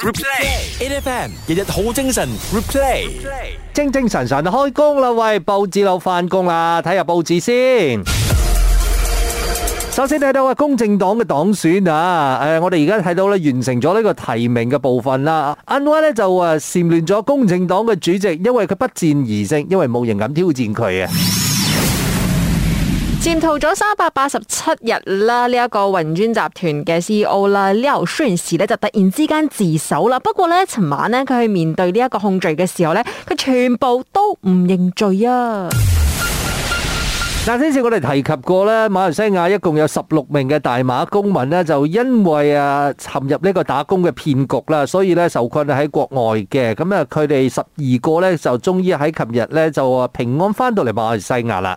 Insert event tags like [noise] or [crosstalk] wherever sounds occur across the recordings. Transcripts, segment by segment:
Replay，AFM，日日好精神。Replay，精精神神開工啦！喂，報紙佬翻工啦，睇下報紙先。首先睇到啊，公正黨嘅黨選啊，誒，我哋而家睇到咧，完成咗呢個提名嘅部分啦。安瓦咧就啊蟬聯咗公正黨嘅主席，因為佢不戰而勝，因為冇人敢挑戰佢啊。潛逃咗三百八十七日啦，呢、這、一個雲尊集團嘅 C E O 啦呢，Leon Suen 士咧就突然之間自首啦。不過咧，尋晚咧佢去面對呢一個控罪嘅時候咧，佢全部都唔認罪啊。嗱，先至我哋提及過咧，馬來西亞一共有十六名嘅大馬公民咧，就因為啊陷入呢個打工嘅騙局啦，所以咧受困喺國外嘅。咁啊，佢哋十二個咧就終於喺琴日咧就平安翻到嚟馬來西亞啦。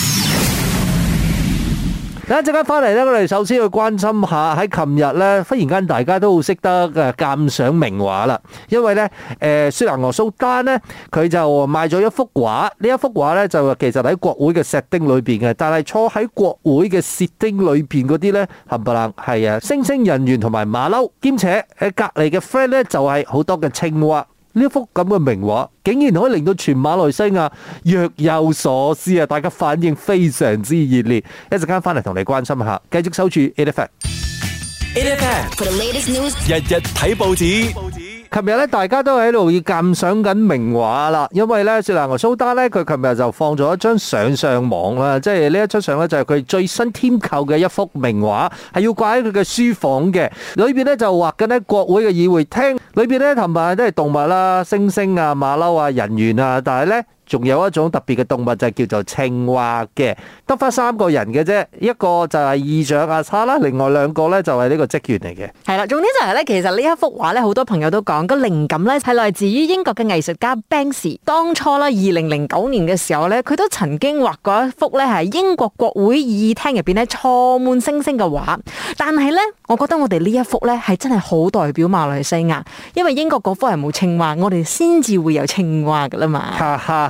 等一陣間翻嚟咧，我哋首先去關心下喺琴日咧，忽然間大家都好識得誒鑑賞名畫啦。因為咧，誒雪蘭莪蘇丹咧，佢就賣咗一幅畫。呢一幅畫咧就其實喺國會嘅石丁裏邊嘅，但係坐喺國會嘅石丁裏邊嗰啲咧冚唪唥係啊星星人猿同埋馬騮，兼且喺隔離嘅 friend 咧就係好多嘅青蛙。呢幅咁嘅名畫，竟然可以令到全馬來西亞若有所思啊！大家反應非常之熱烈，一陣間翻嚟同你關心下，繼續收住。Effect，Effect，Effect 日日睇報紙。報紙。琴日咧，大家都喺度要鑒賞緊名畫啦，因為咧，雪蘭和蘇丹咧，佢琴日就放咗一張相上網啦，即係呢一張相咧就係佢最新添購嘅一幅名畫，係要掛喺佢嘅書房嘅。裏邊咧就畫緊呢國會嘅議會廳，裏邊咧同埋都係動物啦，啊，猩猩啊、馬騮啊、人猿啊，但係咧。仲有一種特別嘅動物就係、是、叫做青蛙嘅，得翻三個人嘅啫，一個就係議長阿叉啦，另外兩個咧就係呢個職員嚟嘅。係啦，重點就係、是、咧，其實呢一幅畫咧，好多朋友都講、那個靈感咧係來自於英國嘅藝術家 Banksy。當初啦，二零零九年嘅時候咧，佢都曾經畫過一幅咧係英國國會議廳入邊咧坐滿猩猩嘅畫。但係咧，我覺得我哋呢一幅咧係真係好代表馬來西亞，因為英國嗰幅係冇青蛙，我哋先至會有青蛙㗎啦嘛。哈哈。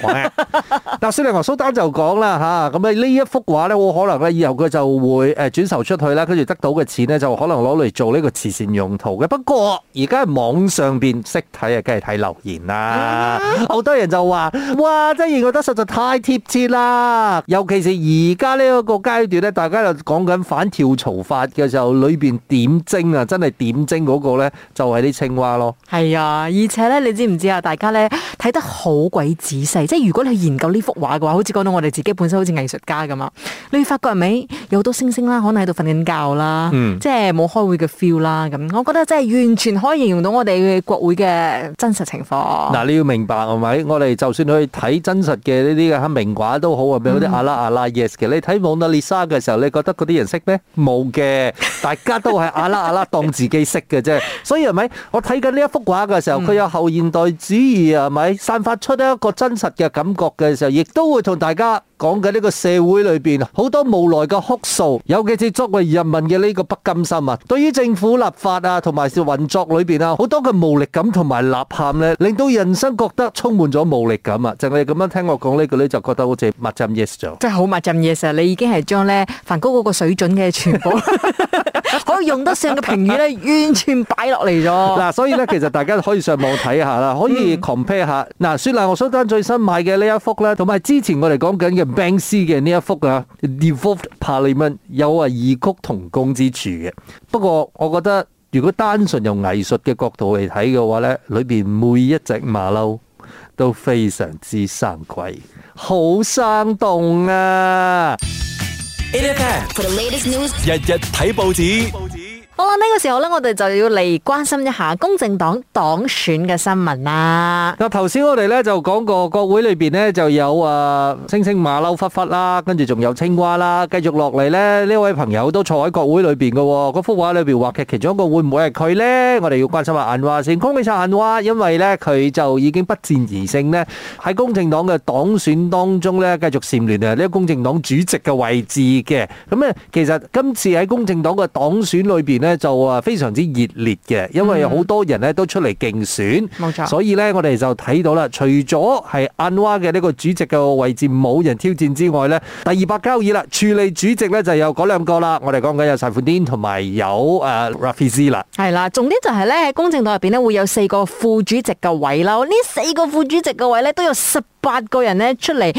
嗱，先麗 [laughs] 和蘇丹就講啦，吓，咁啊呢一幅畫咧，我可能咧以後佢就會誒轉售出去啦，跟住得到嘅錢咧就可能攞嚟做呢個慈善用途嘅。不過而家喺網上邊識睇啊，梗係睇留言啦。好 [laughs] 多人就話，哇，真係覺得實在太貼切啦！尤其是而家呢一個階段咧，大家又講緊反跳槽法嘅時候，裏邊點睛啊，真係點睛嗰個咧就係啲青蛙咯。係啊，而且咧，你知唔知啊？大家咧睇得好鬼子即係如果你去研究呢幅畫嘅話，好似講到我哋自己本身好似藝術家咁啊，你會發覺係咪有好多星星啦，可能喺度瞓緊覺啦，嗯、即係冇開會嘅 feel 啦咁。我覺得真係完全可以形容到我哋嘅國會嘅真實情況。嗱，你要明白係咪？我哋就算去睇真實嘅呢啲名畫都好啊，譬如嗰啲阿啦阿啦、嗯、yes 嘅。你睇《蒙娜麗莎》嘅時候，你覺得嗰啲人識咩？冇嘅，大家都係阿啦阿啦 [laughs] 當自己識嘅啫。所以係咪？我睇緊呢一幅畫嘅時候，佢有後現代主義係咪？散發出一個真。真實嘅感覺嘅時候，亦都會同大家，講緊呢個社會裏邊啊，好多無奈嘅哭訴，尤其係作為人民嘅呢個不甘心啊。對於政府立法啊，同埋運作裏邊啊，好多嘅無力感同埋吶喊咧，令到人生覺得充滿咗無力感啊。就你咁樣聽我講呢個咧，就覺得好似墨汁噎咗。即係好墨汁噎，其實你已經係將咧梵高嗰個水準嘅全部可以用得上嘅評語咧，完全擺落嚟咗。嗱，所以咧，其實大家可以上網睇下啦，可以 compare 下。嗱，雪蘭莪蘇丹最新買嘅呢一幅咧，同埋之前我哋講緊嘅。Banksy 嘅呢一幅啊，Devolved Parliament 有啊異曲同工之處嘅。不過我覺得，如果單純用藝術嘅角度嚟睇嘅話咧，裏邊每一隻馬騮都非常之生鬼，好生動啊！日日睇報紙。好啦，呢個時候咧，我哋就要嚟關心一下公正黨黨選嘅新聞啦。嗱，頭先我哋咧就講過國會裏邊咧就有啊猩猩馬騮狒狒啦，跟住仲有青蛙啦。繼續落嚟咧，呢位朋友都坐喺國會裏邊嘅，嗰幅畫裏邊畫嘅其中一個會唔會係佢咧？我哋要關心下，安華先，恭喜晒安華，因為咧佢就已經不戰而勝咧，喺公正黨嘅黨選當中咧，繼續蟬聯啊呢個公正黨主席嘅位置嘅。咁咧，其實今次喺公正黨嘅黨選裏邊。咧就啊非常之熱烈嘅，因為有好多人咧都出嚟競選，嗯、所以咧我哋就睇到啦。除咗係 a 娃嘅呢個主席嘅位置冇人挑戰之外咧，第二百交易啦，處理主席咧就有嗰兩個啦。我哋講緊有晒 a f 同埋有誒 Rafiz 啦，係啦。重點就係咧喺公正堂入邊咧會有四個副主席嘅位啦，呢四個副主席嘅位咧都有十。八個人咧出嚟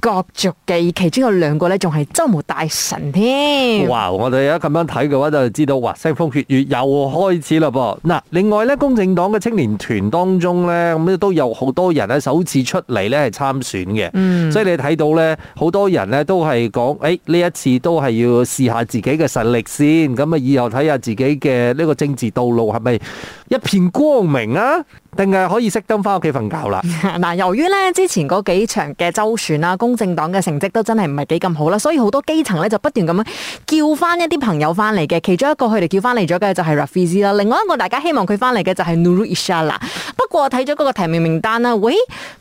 角逐嘅，其中有兩個咧仲係州務大臣添。哇！我哋而家咁樣睇嘅話，就知道哇腥風血雨又開始啦噃。嗱，另外咧，公正黨嘅青年團當中咧，咁都有好多人咧首次出嚟咧係參選嘅。嗯。所以你睇到咧，好多人咧都係講，誒、哎、呢一次都係要試下自己嘅實力先，咁啊以後睇下自己嘅呢個政治道路係咪一片光明啊？定係可以熄燈翻屋企瞓覺啦？嗱， [laughs] 由於呢之前。嗰幾場嘅州選啦，公正黨嘅成績都真係唔係幾咁好啦，所以好多基層咧就不斷咁樣叫翻一啲朋友翻嚟嘅，其中一個佢哋叫翻嚟咗嘅就係 Rafizi 啦，另外一個大家希望佢翻嚟嘅就係 Nurul Izzah。不過睇咗嗰個提名名單啦，喂，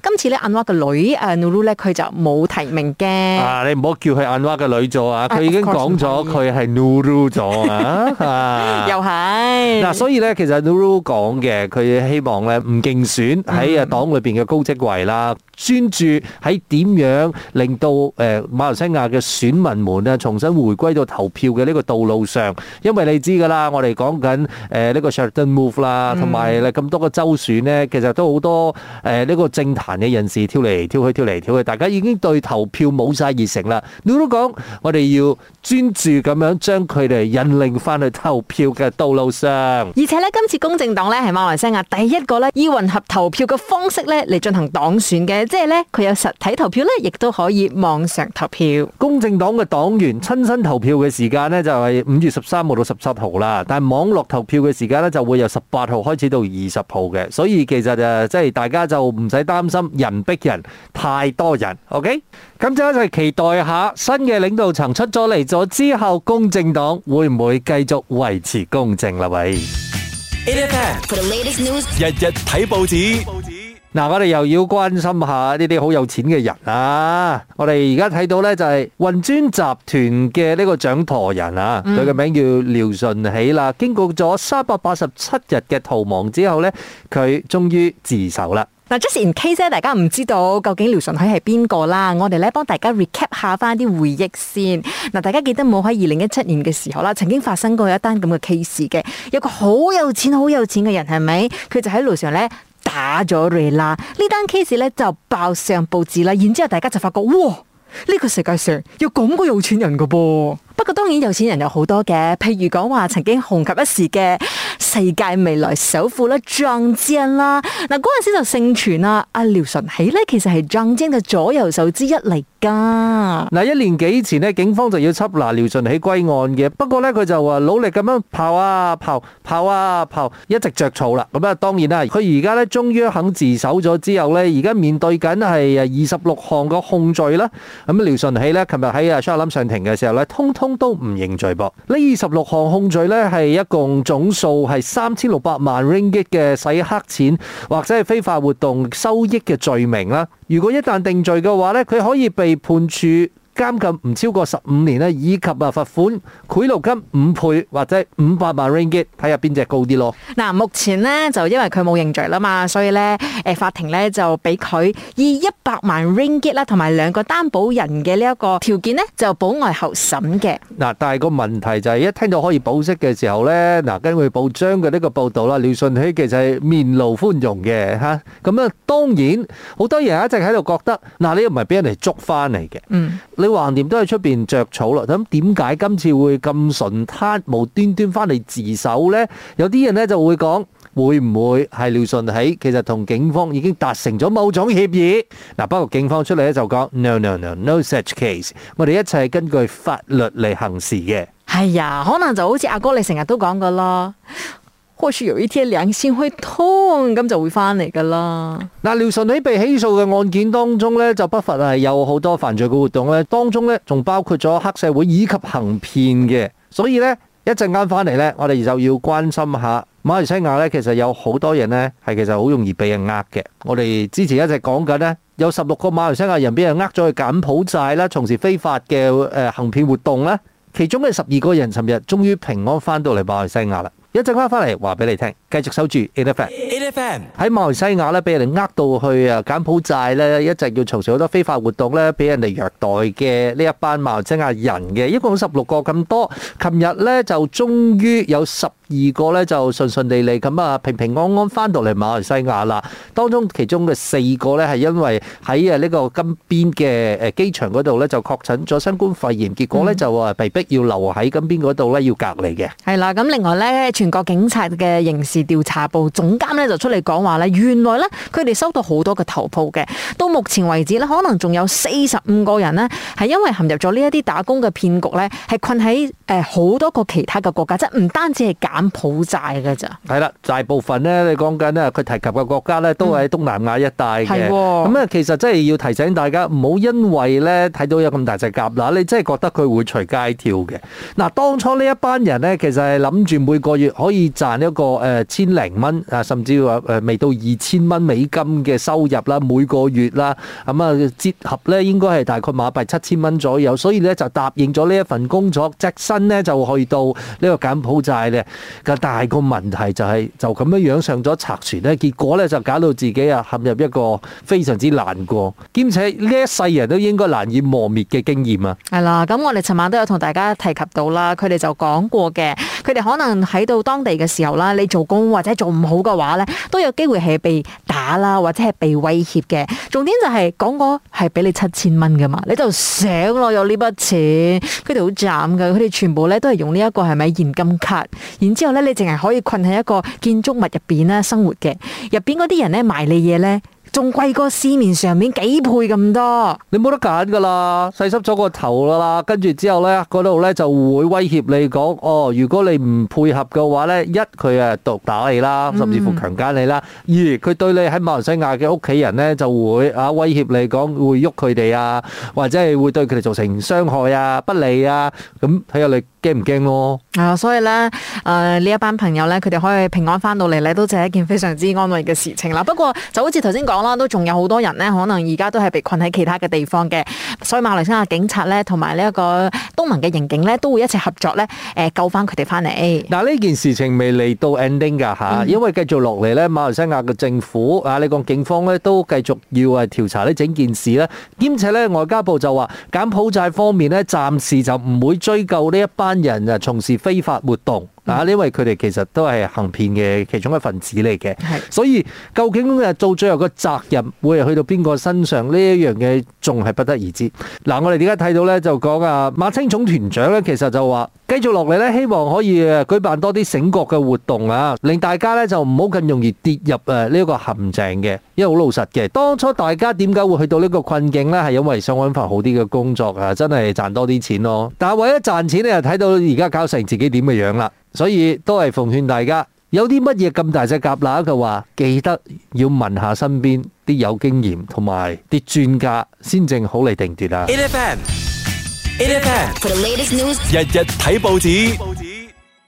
今次咧 Anwar 嘅女誒 Nurul 咧佢就冇提名嘅。啊，你唔好叫佢 Anwar 嘅女做啊，佢已經講咗佢係 Nurul 咗啊。又係嗱，所以咧其實 Nurul 講嘅，佢希望咧唔競選喺啊黨裏邊嘅高職位啦，專。跟住喺點樣令到誒馬來西亞嘅選民們啊重新回歸到投票嘅呢個道路上。因為你知噶啦，我哋講緊誒呢個 move, Sheraton move 啦，同埋咁多個州選呢，其實都好多誒呢、呃這個政壇嘅人士跳嚟跳去跳嚟跳去，大家已經對投票冇晒熱誠啦。你都講我哋要專注咁樣將佢哋引領翻去投票嘅道路上，而且咧今次公正黨呢，係馬來西亞第一個咧以混合投票嘅方式咧嚟進行黨選嘅，即係。咧佢有實體投票咧，亦都可以網上投票。公正黨嘅黨員親身投票嘅時間咧就係五月十三號到十七號啦，但係網絡投票嘅時間咧就會由十八號開始到二十號嘅，所以其實誒即係大家就唔使擔心人逼人太多人。OK，咁就一齊期待下新嘅領導層出咗嚟咗之後，公正黨會唔會繼續維持公正啦？喂，日日睇報紙。嗱，我哋又要關心下呢啲好有錢嘅人啦。我哋而家睇到呢，就係運專集團嘅呢個掌舵人啊，佢嘅、啊嗯、名叫廖順喜啦。經過咗三百八十七日嘅逃亡之後呢，佢終於自首啦。嗱，Just in case，大家唔知道究竟廖順喜係邊個啦？我哋咧幫大家 recap 下翻啲回憶先。嗱，大家記得冇喺二零一七年嘅時候啦，曾經發生過一單咁嘅 case 嘅，有個好有錢、好有錢嘅人係咪？佢就喺路上呢。打咗你啦！呢單 case 咧就爆上報紙啦，然之後大家就發覺，哇！呢個世界上有咁個有錢人噶噃。不過當然有錢人有好多嘅，譬如講話曾經紅極一時嘅世界未來首富啦，John 啦，嗱嗰陣時就盛傳啦，阿廖純喜咧其實係 John 嘅左右手之一嚟。嗱、啊，一年幾前呢，警方就要緝拿廖順喜歸案嘅。不過呢，佢就話努力咁樣跑啊跑、跑啊跑、啊，一直着草啦。咁、嗯、啊，當然啦，佢而家呢終於肯自首咗之後呢，而家面對緊係二十六項嘅控罪啦。咁廖順喜呢，琴日，喺啊沙諗上庭嘅時候呢，通通都唔認罪噃。呢二十六項控罪呢，係一共總數係三千六百萬 ringgit 嘅洗黑錢或者係非法活動收益嘅罪名啦。如果一旦定罪嘅話，咧，佢可以被判處，監禁唔超過十五年咧，以及啊罰款、賄賂金五倍或者五百萬 ringgit，睇下邊隻高啲咯。嗱，目前呢，就因為佢冇認罪啦嘛，所以呢誒法庭呢，就俾佢以一百萬 ringgit 啦，同埋兩個擔保人嘅呢一個條件呢，就保外候審嘅。嗱，但係個問題就係一聽到可以保釋嘅時候呢，嗱根據報章嘅呢個報道啦，廖信熙其實係面露寬容嘅吓，咁啊當然好多人一直喺度覺得，嗱呢個唔係俾人哋捉翻嚟嘅。嗯。你橫掂都喺出邊著草啦，咁點解今次會咁純攤無端端翻嚟自首呢？有啲人咧就會講，會唔會係廖信喜其實同警方已經達成咗某種協議？嗱，包括警方出嚟咧就講，no no no no such case，我哋一切根據法律嚟行事嘅。係啊，可能就好似阿哥你成日都講㗎咯。或許有一天良心會痛，咁就會翻嚟噶啦。嗱，廖純喺被起訴嘅案件當中咧，就不乏係有好多犯罪嘅活動咧。當中咧仲包括咗黑社會以及行騙嘅。所以咧一陣間翻嚟咧，我哋就要關心下馬來西亞咧。其實有好多人咧係其實好容易俾人呃嘅。我哋之前一直講緊呢，有十六個馬來西亞人俾人呃咗去柬埔寨啦，從事非法嘅誒、行騙活動啦。其中嘅十二個人尋日終於平安翻到嚟馬來西亞啦。一陣翻翻嚟，話俾你聽，繼續守住。In the fan，In the fan。喺馬來西亞咧，俾人哋呃到去啊，柬埔寨咧，一直要從事好多非法活動咧，俾人哋虐待嘅呢一班馬來西亞人嘅，一共十六個咁多。琴日咧就終於有十二個咧就順順利利咁啊平平安安翻到嚟馬來西亞啦。當中其中嘅四個咧係因為喺啊呢個金邊嘅誒機場嗰度咧就確診咗新冠肺炎，結果咧就啊被逼要留喺金邊嗰度咧要隔離嘅。係啦，咁另外咧。全國警察嘅刑事調查部總監咧就出嚟講話咧，原來咧佢哋收到好多嘅投報嘅。到目前為止咧，可能仲有四十五個人呢，係因為陷入咗呢一啲打工嘅騙局咧，係困喺誒好多個其他嘅國家，即係唔單止係柬埔寨嘅咋。係啦，大部分咧你講緊咧，佢提及嘅國家咧都喺東南亞一帶嘅。係喎、嗯，咁啊，其實真係要提醒大家，唔好因為咧睇到有咁大隻蛤乸，你真係覺得佢會隨街跳嘅。嗱，當初呢一班人咧，其實係諗住每個月。可以賺一個誒千零蚊啊，甚至話誒未到二千蚊美金嘅收入啦，每個月啦，咁啊折合咧應該係大概馬幣七千蚊左右，所以咧就答應咗呢一份工作，隻身咧就去到呢個柬埔寨嘅。咁但係個問題就係就咁樣樣上咗賊船咧，結果咧就搞到自己啊陷入一個非常之難過，兼且呢一世人都應該難以磨滅嘅經驗啊。係啦，咁我哋尋晚都有同大家提及到啦，佢哋就講過嘅，佢哋可能喺度。當地嘅時候啦，你做工或者做唔好嘅話咧，都有機會係被打啦，或者係被威脅嘅。重點就係、是、講過係俾你七千蚊噶嘛，你就想咯有呢筆錢，佢哋好慘噶，佢哋全部咧都係用呢、這、一個係咪現金卡？然之後咧，你淨係可以困喺一個建築物入邊咧生活嘅，入邊嗰啲人咧賣你嘢咧。仲貴過市面上面幾倍咁多，你冇得揀噶啦，細濕咗個頭啦，跟住之後呢，嗰度呢就會威脅你講哦，如果你唔配合嘅話呢，一佢啊毒打你啦，甚至乎強姦你啦，二佢、嗯、對你喺馬來西亞嘅屋企人呢，就會啊威脅你講會喐佢哋啊，或者係會對佢哋造成傷害啊不利啊，咁睇下你。驚唔驚咯？係啊，所以咧，誒呢一班朋友咧，佢哋可以平安翻到嚟咧，都就係一件非常之安慰嘅事情啦。不過就好似頭先講啦，都仲有好多人咧，可能而家都係被困喺其他嘅地方嘅，所以馬來西亞警察咧，同埋呢一個東盟嘅刑警咧，都會一齊合作咧，誒救翻佢哋翻嚟。嗱，呢件事情未嚟到 ending 噶吓，因為繼續落嚟咧，馬來西亞嘅政府啊，你講警方咧，都繼續要係調查呢整件事啦，兼且咧，外交部就話柬埔寨方面咧，暫時就唔會追究呢一班。人啊，從事非法活動。啊！因為佢哋其實都係行騙嘅其中一份子嚟嘅，所以究竟做最後嘅責任會係去到邊個身上呢，一樣嘢仲係不得而知。嗱、啊，我哋點解睇到呢？就講啊，馬青總團長呢，其實就話繼續落嚟呢，希望可以誒舉辦多啲醒覺嘅活動啊，令大家呢就唔好咁容易跌入誒呢一個陷阱嘅，因為好老實嘅。當初大家點解會去到呢個困境呢？係因為想揾份好啲嘅工作啊，真係賺多啲錢咯。但係為咗賺錢咧，睇到而家搞成自己點嘅樣啦～所以都係奉勸大家，有啲乜嘢咁大隻夾乸嘅話，記得要問下身邊啲有經驗同埋啲專家、啊，先正好嚟定奪啦。日日睇報紙。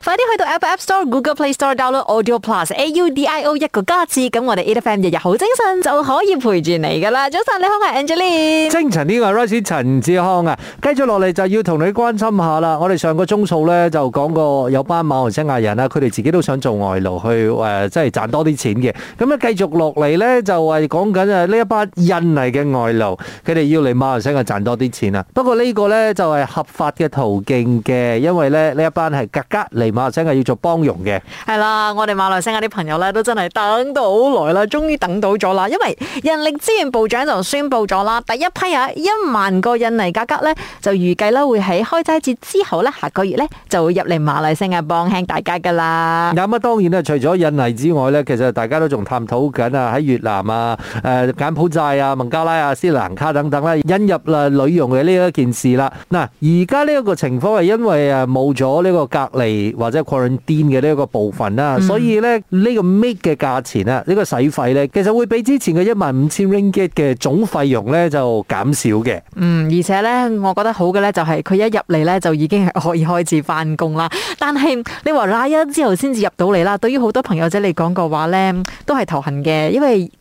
快啲去到 Apple App Store、Google Play Store，download Audio Plus A U D I O 一個加次，咁我哋 A F M 日日好精神就可以陪住你噶啦。早晨你好，我係 Angelie，清晨呢個係，Rising 陳志康啊，繼續落嚟就要同你關心下啦。我哋上個鐘數咧就講過有班馬來西亞人啊，佢哋自己都想做外勞去誒，即係賺多啲錢嘅。咁咧繼續落嚟咧就係講緊誒呢一班印尼嘅外勞，佢哋要嚟馬來西亞賺多啲錢啊。不過呢個咧就係合法嘅途徑嘅，因為咧呢一班係格格嚟。馬來西亞要做幫傭嘅，係啦，我哋馬來西亞啲朋友咧都真係等到好耐啦，終於等到咗啦。因為人力資源部長就宣布咗啦，第一批啊一萬個印尼家傭咧，就預計啦會喺開齋節之後咧，下個月咧就會入嚟馬來西亞幫輕大家㗎啦。咁啊，當然咧，除咗印尼之外咧，其實大家都仲探討緊啊，喺越南啊、誒柬埔寨啊、孟加拉啊、斯里蘭卡等等咧，引入啦女傭嘅呢一件事啦。嗱，而家呢一個情況係因為啊冇咗呢個隔離。或者 quarantine 嘅呢一個部分啦，嗯、所以咧呢個 make 嘅價錢啊，呢、呢個使費咧，其實會比之前嘅一萬五千 ringgit 嘅總費用咧就減少嘅。嗯，而且咧，我覺得好嘅咧，就係佢一入嚟咧就已經係可以開始翻工啦。但係你話拉一之後先至入到嚟啦，對於好多朋友仔嚟講嘅話咧，都係頭痕嘅，因為。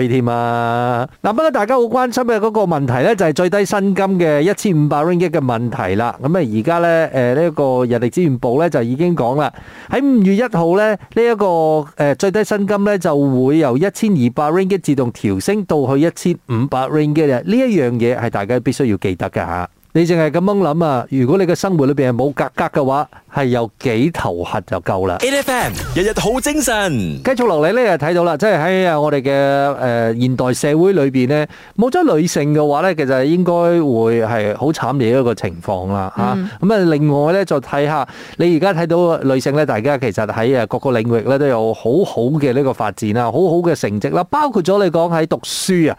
去添啊！嗱，不過大家好關心嘅嗰個問題呢，就係最低薪金嘅一千五百 ringgit 嘅問題啦。咁啊，而家呢，誒呢個人力資源部呢，就已經講啦，喺五月一號呢，呢一個誒最低薪金呢，就會由一千二百 ringgit 自動調升到去一千五百 ringgit 啊！呢一樣嘢係大家必須要記得噶吓。你淨係咁樣諗啊？如果你嘅生活裏邊係冇格格嘅話。係有幾頭核就夠啦！N.F.M. 日日好精神。繼續落嚟就睇到啦，即係喺我哋嘅誒現代社會裏面呢，冇咗女性嘅話呢，其實應該會係好慘嘅一個情況啦，咁啊，另外呢，就睇下你而家睇到女性呢，大家其實喺各個領域呢都有好好嘅呢個發展啦，好好嘅成績啦，包括咗你講喺讀書啊。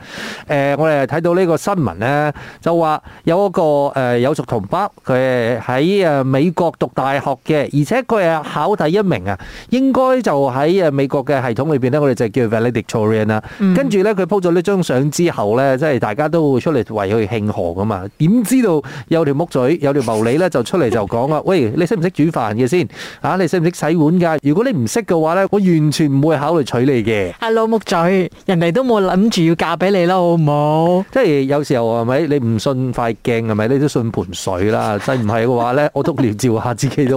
誒，我哋睇到呢個新聞呢，就話有一個巫裔同胞，佢喺美國讀大學。學嘅，而且佢係考第一名啊，應該就喺誒美國嘅系統裏邊咧，我哋就叫 valedictorian 啦。跟住咧，佢 po 咗呢張相之後咧，即係大家都會出嚟為佢慶賀噶嘛。點知道有條木嘴，有條無理咧，就出嚟就講啦：喂，你識唔識煮飯嘅先？嚇，你識唔識洗碗㗎？如果你唔識嘅話咧，我完全唔會考慮娶你嘅。Hello，木嘴，人哋都冇諗住要嫁俾你啦，好唔好？即係有時候係咪？你唔信塊鏡係咪？你都信盆水啦。真係唔係嘅話咧，我都照照下自己都。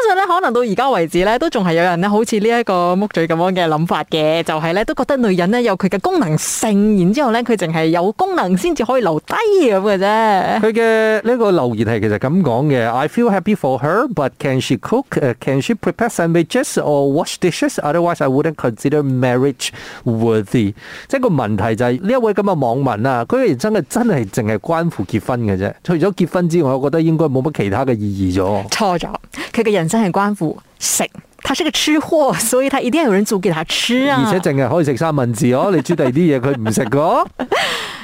可能到而家為止咧，都仲係有人咧，好似呢一個木嘴咁樣嘅諗法嘅，就係咧都覺得女人咧有佢嘅功能性，然之後咧佢淨係有功能先至可以留低咁嘅啫。佢嘅呢個留言係其實咁講嘅，I feel happy for her，but can she cook？can she prepare sandwiches or wash dishes？Otherwise，I wouldn't consider marriage worthy。即係個問題就係呢一位咁嘅網民啊，佢真係真係淨係關乎結婚嘅啫，除咗結婚之外，我覺得應該冇乜其他嘅意義咗。錯咗。佢嘅人生係關乎食，佢係個吃貨，所以佢一定要有人做俾佢吃啊！而且淨係可以食三文治，哦， [laughs] 你煮第二啲嘢佢唔食個。 [laughs]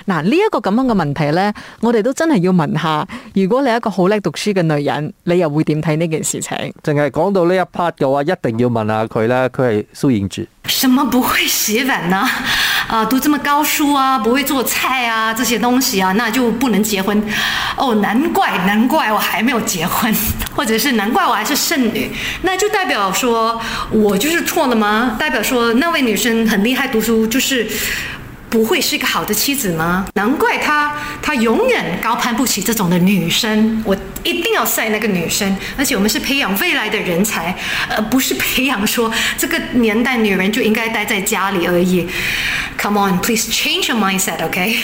嗱，呢一個咁樣嘅問題呢，我哋都真係要問下，如果你係一個好叻讀書嘅女人，你又會點睇呢件事情？淨係講到呢一 part 嘅話，一定要問，問一下佢啦。佢係蘇盈之。什麼不會寫字啊？啊，讀這麼高書啊，不會做菜啊，這些東西啊，那就不能結婚。哦，難怪，難怪我還沒有結婚，或者是難怪我還是剩女，那就代表說我就是錯了嗎？代表說那位女生很厲害，讀書就是。不會是一個好的妻子嗎？難怪他他永遠高攀不起這種的女生。我一定要晒那個女生，而且我們是培養未來的人才，呃，不是培養說這個年代女人就應該待在家裏而已。Come on, please change your mindset, OK？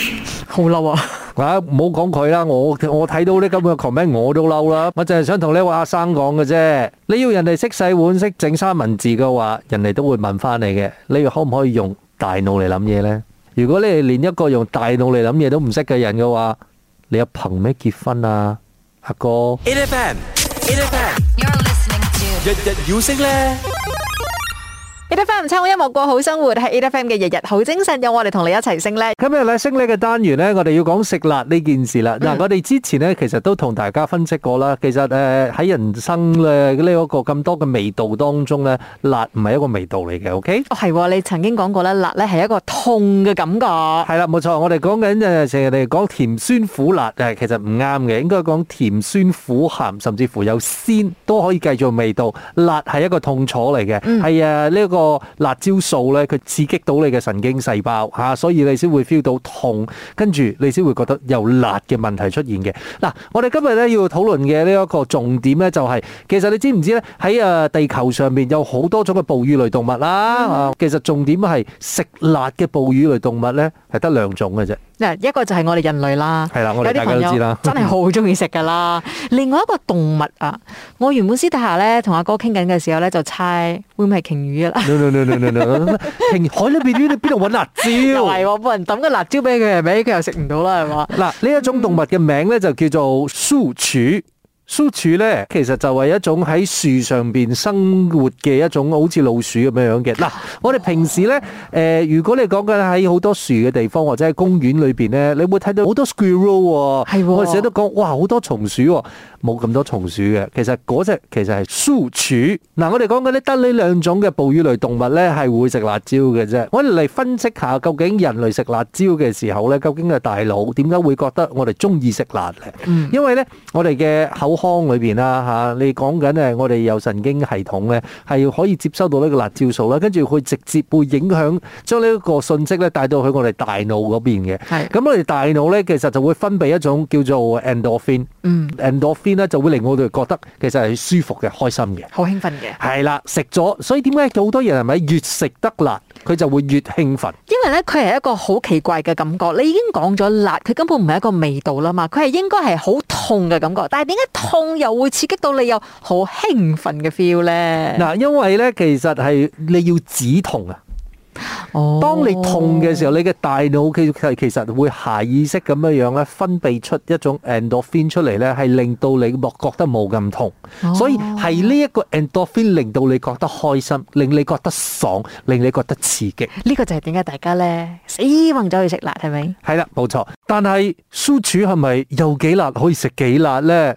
好嬲啊！嗱、啊，唔好講佢啦，我我睇到呢咁嘅 comment 我都嬲啦。我就係想同呢位阿生講嘅啫。你要人哋識洗碗、識整三文治嘅話，人哋都會問翻你嘅。你可唔可以用大腦嚟諗嘢呢？」如果你係連一個用大腦嚟諗嘢都唔識嘅人嘅話，你又憑咩結婚啊，阿哥，哥？AI FM 唔差，我音樂過好生活係 AI FM 嘅日日好精神，有我哋同你一齊升呢。今日咧升呢嘅單元咧，我哋要講食辣呢件事啦。嗱，我哋之前咧其實都同大家分析過啦。其實誒喺人生咧呢一個咁多嘅味道當中咧，辣唔係一個味道嚟嘅。O.K.，係喎，你曾經講過咧，辣咧係一個痛嘅感覺。係啦，冇錯。我哋講緊誒，成日哋講甜酸苦辣誒，其實唔啱嘅。應該講甜酸苦咸，甚至乎有鮮都可以計做味道。辣係一個痛楚嚟嘅。係啊，呢個。個辣椒素咧，佢刺激到你嘅神經細胞吓，所以你先會 feel 到痛，跟住你先會覺得有辣嘅問題出現嘅。嗱，我哋今日咧要討論嘅呢一個重點咧，就係其實你知唔知咧喺誒地球上面有好多種嘅哺乳類動物啦。啊，其實重點係食辣嘅哺乳類動物咧，係得兩種嘅啫。嗱，一個就係我哋人類啦，係啦，我哋大家都知啦，真係好中意食噶啦。另外一個動物啊，我原本私底下咧同阿哥傾緊嘅時候咧，就猜會唔會係鯨魚啊啦？唔平 [laughs] 海裏邊你邊度搵辣椒？係， [laughs] 冇人抌個辣椒俾佢，係咪？佢又食唔到啦，係嘛？嗱，呢一種動物嘅名咧就叫做樹柱。松鼠咧，其實就係一種喺樹上邊生活嘅一種，好似老鼠咁樣樣嘅。嗱、啊，我哋平時咧，誒、呃，如果你講緊喺好多樹嘅地方或者喺公園裏邊咧，你會睇到好多 squirrel，係，的我成日都講，哇，好多松鼠，冇咁多松鼠嘅。其實嗰隻其實係松鼠。嗱、啊，我哋講緊呢，得呢兩種嘅哺乳類動物咧係會食辣椒嘅啫。我哋嚟分析下，究竟人類食辣椒嘅時候咧，究竟個大腦點解會覺得我哋中意食辣咧？嗯、因為咧，我哋嘅口。腔裏邊啦吓，你講緊咧我哋有神經系統咧，係可以接收到呢個辣椒素啦，跟住佢直接會影響將呢一個訊息咧帶到去我哋大腦嗰邊嘅。係，咁我哋大腦咧其實就會分泌一種叫做 endorphin。嗯，endorphin 咧就會令我哋覺得其實係舒服嘅、開心嘅。好興奮嘅。係啦，食咗，所以點解好多人係咪越食得辣佢就會越興奮？因為咧，佢係一個好奇怪嘅感覺。你已經講咗辣，佢根本唔係一個味道啦嘛，佢係應該係好痛嘅感覺。但係點解？痛又會刺激到你有好興奮嘅 feel 咧。嗱，因為咧其實係你要止痛啊。哦，當你痛嘅時候，你嘅大腦其其其實會下意識咁樣樣咧分泌出一種 endorphin 出嚟咧，係令到你莫覺得冇咁痛。所以係呢一個 endorphin 令到你覺得開心，令你覺得爽，令你覺得刺激。呢個就係點解大家咧喜歡走去食辣係咪？係啦，冇錯。但係蘇廚係咪又幾辣可以食幾辣咧？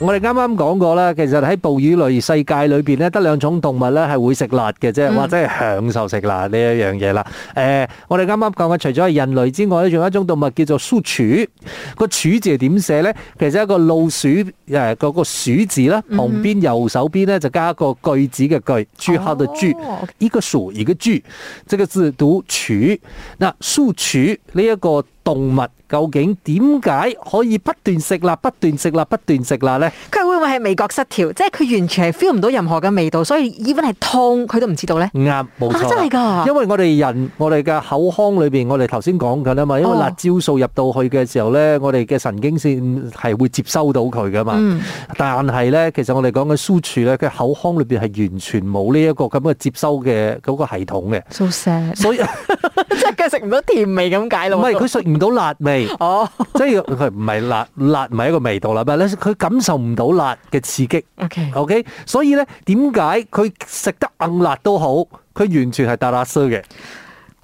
我哋啱啱講過啦，其實喺哺乳類世界裏面咧，得兩種動物咧係會食辣嘅啫，或者係享受食辣呢、嗯、一樣嘢啦。誒、呃，我哋啱啱講嘅除咗人類之外，咧仲有一種動物叫做樹鼩。這個鼠字係點寫咧？其實一個老鼠誒，嗰、呃這個鼠字啦，旁邊右手邊咧就加一個句子嘅句，句號嘅句，呢個鼠一個句，這個字讀鼩。嗱，樹鼩呢一個。動物究竟點解可以不斷食辣，不斷食辣，不斷食辣咧？佢會唔會係味覺失調，即係佢完全係 feel 唔到任何嘅味道，所以 even 係痛，佢都唔知道咧。啱，冇錯，真係噶。因為我哋人，我哋嘅口腔裏邊，我哋頭先講緊啊嘛，因為辣椒素入到去嘅時候咧，我哋嘅神經綫係會接收到佢噶嘛。嗯。但係咧，其實我哋講嘅蘇廚咧，佢口腔裏邊係完全冇呢一個咁嘅接收嘅嗰個系統嘅。So sad。所以即係佢食唔到甜味咁解咯。唔係，佢食。唔到辣味，哦，即係佢唔係辣，辣唔係一個味道啦。但係佢感受唔到辣嘅刺激，OK，OK，所以咧，點解佢食得硬辣都好，佢完全係大辣椒嘅。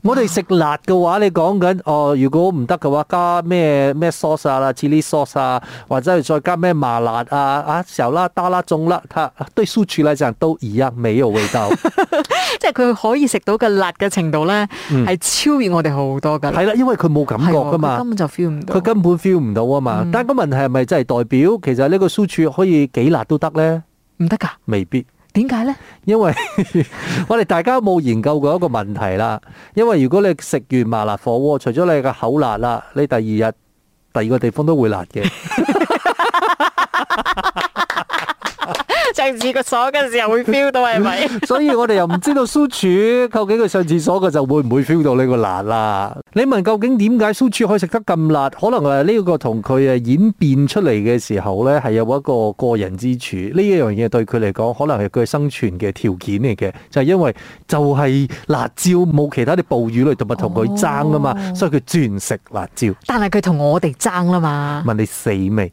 我哋食辣嘅話，你講緊哦，如果唔得嘅話，加咩咩 sauce 啊、chili sauce 啊，或者係再加咩麻辣啊、啊小辣、大辣、中辣，對蘇廚嚟講都一樣，沒有味道。即係佢可以食到嘅辣嘅程度咧，係超越我哋好多噶。係啦，因為佢冇感覺噶嘛，根本就 feel 唔到，佢根本 feel 唔到啊嘛。但係個問題係咪真係代表，其實呢個蘇廚可以幾辣都得咧？唔得噶？未必。點解呢？因為我哋大家冇研究過一個問題啦。因為如果你食完麻辣火鍋，除咗你嘅口辣啦，你第二日第二個地方都會辣嘅。 [laughs] [laughs] 上廁所嘅時候會 feel 到係咪？是是 [laughs] 所以我哋又唔知道蘇廚究竟佢上廁所嘅時候會唔會 feel 到呢個辣啦？你問究竟點解蘇廚可以食得咁辣？可能誒呢個同佢誒演變出嚟嘅時候咧係有一個個人之處。呢一樣嘢對佢嚟講，可能係佢生存嘅條件嚟嘅，就係因為就係辣椒冇其他啲哺乳類動物同佢爭吖嘛，所以佢專食辣椒。但係佢同我哋爭吖嘛？問你死未？